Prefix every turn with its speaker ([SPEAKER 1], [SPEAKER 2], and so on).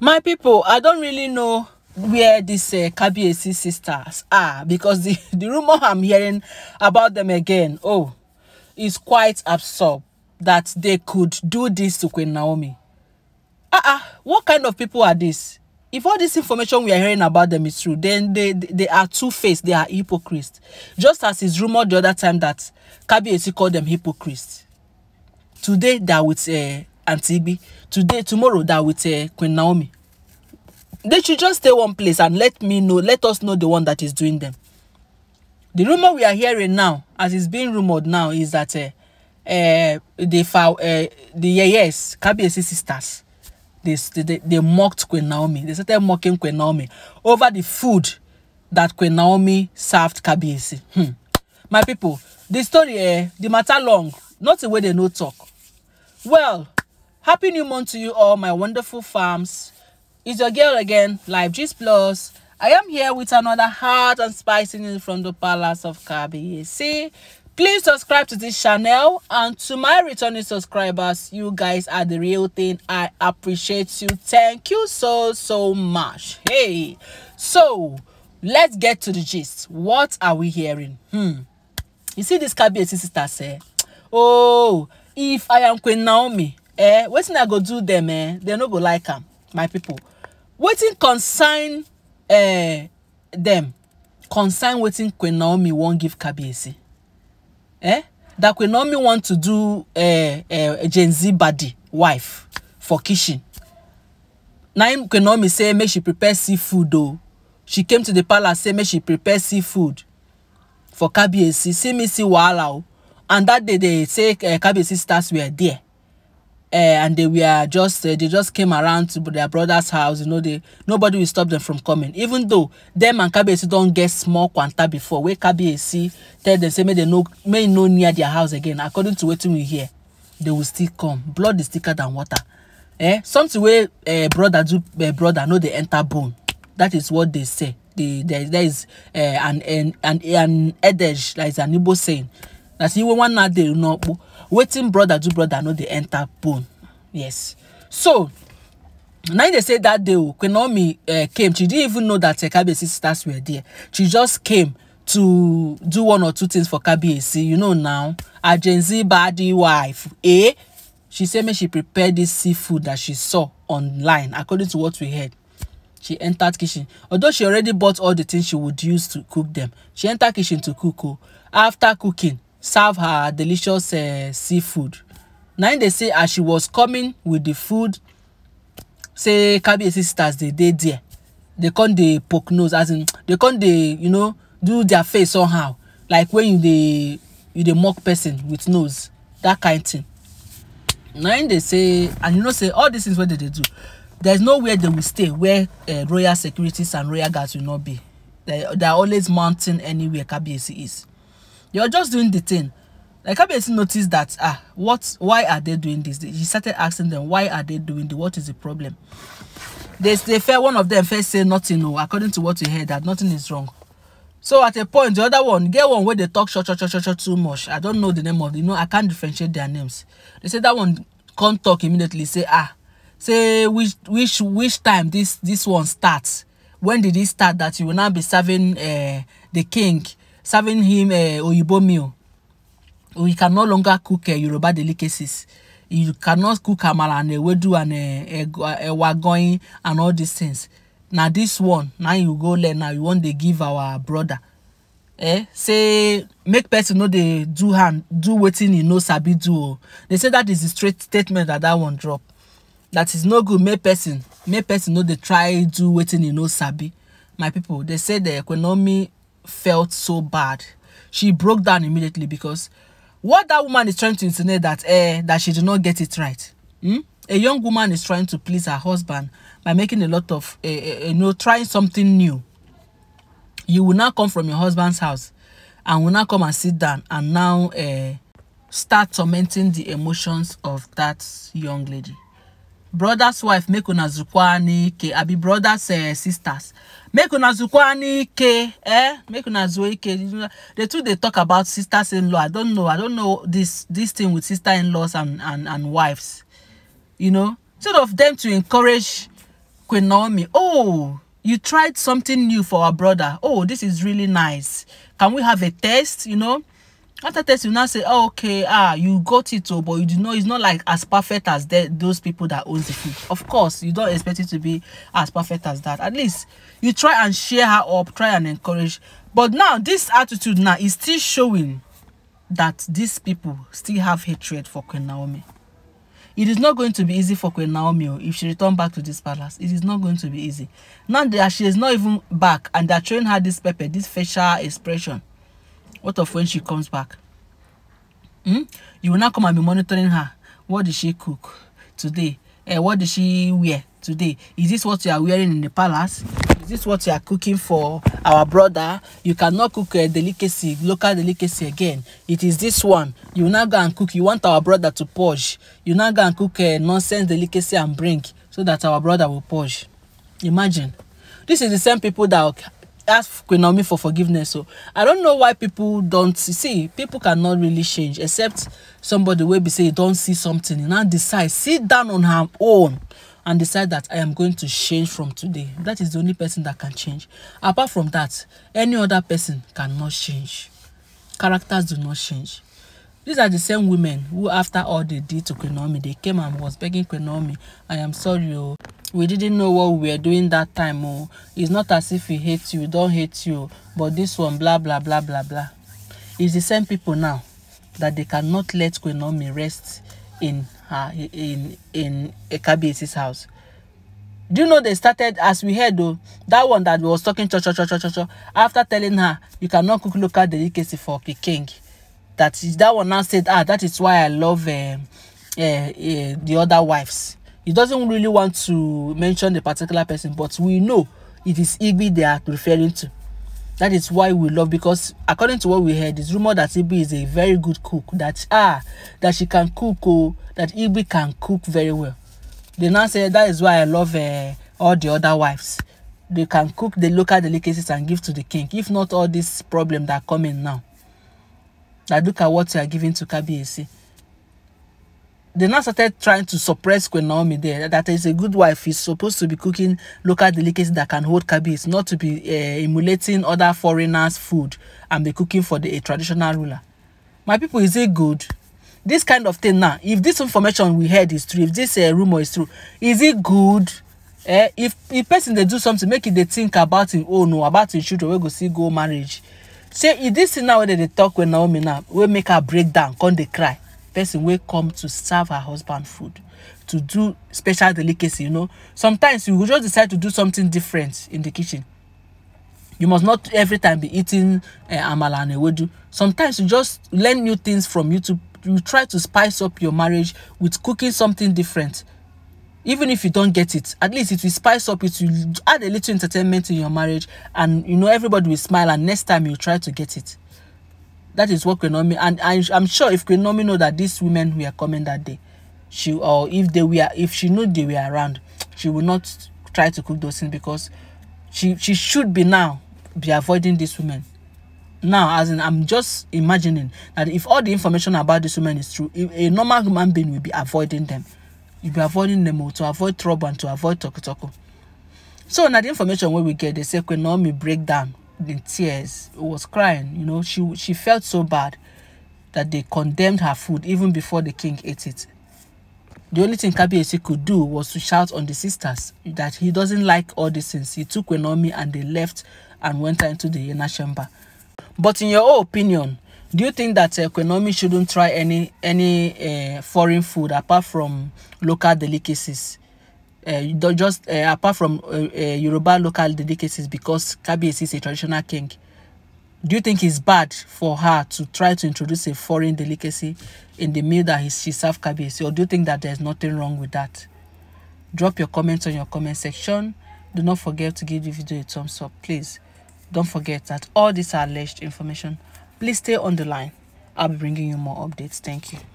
[SPEAKER 1] my people i don't really know where these uh, kbac sisters are because the the rumor i'm hearing about them again oh is quite absurd that they could do this to queen naomi ah uh -uh, what kind of people are these if all this information we are hearing about them is true then they they, are two-faced they are hypocrites just as is rumored the other time that kbac called them hypocrites today they are with uh, Auntie Igby, today, tomorrow, that with uh, Queen Naomi. They should just stay one place and let me know, let us know the one that is doing them. The rumor we are hearing now, as is being rumored now, is that uh, uh, the uh, the yes, Kabiesi sisters, they, they, they mocked Queen Naomi. They started mocking Queen Naomi over the food that Queen Naomi served KBC. Hmm. My people, the story, uh, the matter long, not the way they no talk. Well, Happy new month to you all, my wonderful farms. It's your girl again, Live Gist Plus. I am here with another hot and spicy news from the Palace of Kabiyesi. Please subscribe to this channel and to my returning subscribers, you guys are the real thing. I appreciate you. Thank you so, so much. Hey, so let's get to the gist. What are we hearing? Hmm. You see this Kabiyesi sister say, oh, if I am Queen Naomi, eh wetin i go do them? eh they no go like am my people. What wetin consign? eh them, consign. What wetin queen naomi won't give kabiyesi eh that queen naomi want to do eh, eh, gen z badi wife for kitchen Now im queen naomi say make she prepare seafood though. she came to the palace say make she prepare seafood for kabiyesi see me see wahala oh. and that day they say uh, kabiyesi stars were there uh, and they were just uh, they just came around to their brother's house you know they nobody will stop them from coming even though them and kabiyesi don't get small kwanta before wey kabiyesi tell them say may they no may no near their house again according to what we hear they will still come blood is thicker than water eh something wey uh, brother do uh, brother know they enter bone that is what they say the there, there is uh, an an an edge adage that is an igbo saying na say iwe nwanna they know wetin brother do brother no dey enter bone yes so now they say that day when queen naomi uh, came she didn't even know that uh, kabiyesi sisters were there she just came to do one or two things for kabiyesi you know now a gen z body wife eh she said me she prepared this seafood that she saw online according to what we heard she entered kitchen although she already bought all the things she would use to cook them she entered kitchen to cook oh. after cooking serve her delicious uh, seafood na im dey say as she was coming with the food say kabiyesi sisters dey dey there dey come dey poke nose as in dey come dey you know do their face somehow like when you dey you dey mock person with nose that kind thing na im dey say and you know say all these things wey dey dey do there is where they will stay where uh, royal securities and royal guards will not be they, they are always mounting anywhere kabiyesi is you're just doing the thing like Kabiyesi noticed that ah what why are they doing this he started asking them why are they doing the? what is the problem they they fair one of them first say nothing no oh, according to what we heard that nothing is wrong so at a point the other one get one where they talk short short short short short too much i don't know the name of the you know i can't differentiate their names they say that one can't talk immediately say ah say which which which time this this one starts? when did it start that you will now be serving uh, the king serving him a eh, oyibo meal we can no longer cook a eh, yoruba delicacies you cannot cook amala and wedu and uh, ewa goyin and all these things Now this one now you go learn Now you want to give our brother eh say make person know they do hand do waiting. You know, sabi do oh. they say that is a straight statement that that one drop that is no good make person make person know they try do waiting. You know, sabi my people they say the economy felt so bad. She broke down immediately because what that woman is trying to insinuate that eh, that she did not get it right. Hmm? A young woman is trying to please her husband by making a lot of, uh, uh, you know, trying something new. You will now come from your husband's house and will now come and sit down and now uh, start tormenting the emotions of that young lady brothers wife make una zukwa n'ike abi brothers uh, sisters make una zukwa n'ike eh make una zuo ike the two dey talk about sisters in law i don't know i don't know this this thing with sister in laws and and and wives you know sort of them to encourage queen naomi oh you tried something new for our brother oh this is really nice can we have a test you know after test you now say oh, okay ah you got it oh but you do know it's not like as perfect as the, those people that owns the food of course you don't expect it to be as perfect as that at least you try and share her up try and encourage but now this attitude now is still showing that these people still have hatred for queen naomi it is not going to be easy for queen naomi oh, if she return back to this palace it is not going to be easy now that she is not even back and they're showing her this pepper this facial expression What of when she comes back? Hmm? You will now come and be monitoring her. What did she cook today? Eh, what did she wear today? Is this what you are wearing in the palace? Is this what you are cooking for our brother? You cannot cook a delicacy, local delicacy again. It is this one. You now go and cook. You want our brother to purge. You now go and cook a nonsense delicacy and bring so that our brother will purge. Imagine. This is the same people that ask Queen Naomi for forgiveness. So I don't know why people don't see. see people cannot really change except somebody will be say don't see something and now decide sit down on her own and decide that I am going to change from today. That is the only person that can change. Apart from that, any other person cannot change. Characters do not change. These are the same women who, after all they did to Queen they came and was begging Queen I am sorry, oh, we didn't know what we were doing that time oh it's not as if we hate you don't hate you but this one blah blah blah blah blah it's the same people now that they cannot let Kwenomi rest in her in in Ekabiesi's house do you know they started as we heard though that one that was talking cho cho cho cho cho cho after telling her you cannot cook local delicacy for King that is that one now said ah that is why I love uh, uh, uh, the other wives He doesn't really want to mention the particular person, but we know it is Igby they are referring to. That is why we love because according to what we heard, it's rumored that Igby is a very good cook. That ah, that she can cook, oh, that Igby can cook very well. They now say that is why I love uh, all the other wives. They can cook the local delicacies and give to the king. If not all this problem that coming now. That look at what you are giving to Kabiyesi they now started trying to suppress Queen Naomi there. That is a good wife. is supposed to be cooking local delicacies that can hold cabbage, not to be uh, emulating other foreigners' food and be cooking for the a traditional ruler. My people, is it good? This kind of thing now, if this information we heard is true, if this uh, rumor is true, is it good? Uh, if if person they do something, make it e they think about it. Oh no, about his children, we go see go marriage. Say if this thing now where they talk with Naomi now, we make her break down, come they cry. person wey come to serve her husband food to do special delicacy you know sometimes you just decide to do something different in the kitchen you must not every time be eating uh, amala and ewedu sometimes you just learn new things from youtube you try to spice up your marriage with cooking something different even if you don't get it at least it will spice up it will add a little entertainment in your marriage and you know everybody will smile and next time you try to get it That is what Queen and I, I'm sure if Queen know that these women were coming that day, she or if they were, if she knew they were around, she would not try to cook those things because she she should be now be avoiding these women. Now, as in, I'm just imagining that if all the information about this woman is true, a, a normal human being will be avoiding them. You'll be avoiding them to avoid trouble and to avoid talk toko. So now the information where we get, they say Queen Naomi break down in tears, was crying. You know, she she felt so bad that they condemned her food even before the king ate it. The only thing Kabiyesi could do was to shout on the sisters that he doesn't like all these things. He took Wenomi and they left and went into the inner chamber. But in your own opinion, do you think that uh, Kwenomi shouldn't try any any uh, foreign food apart from local delicacies? uh, just uh, apart from uh, uh, Yoruba local delicacies because Kabiyesi is a traditional king. Do you think it's bad for her to try to introduce a foreign delicacy in the meal that she serves Kabiyesi or do you think that there's nothing wrong with that? Drop your comments on your comment section. Do not forget to give the video a thumbs up, please. Don't forget that all this alleged information. Please stay on the line. I'll be bringing you more updates. Thank you.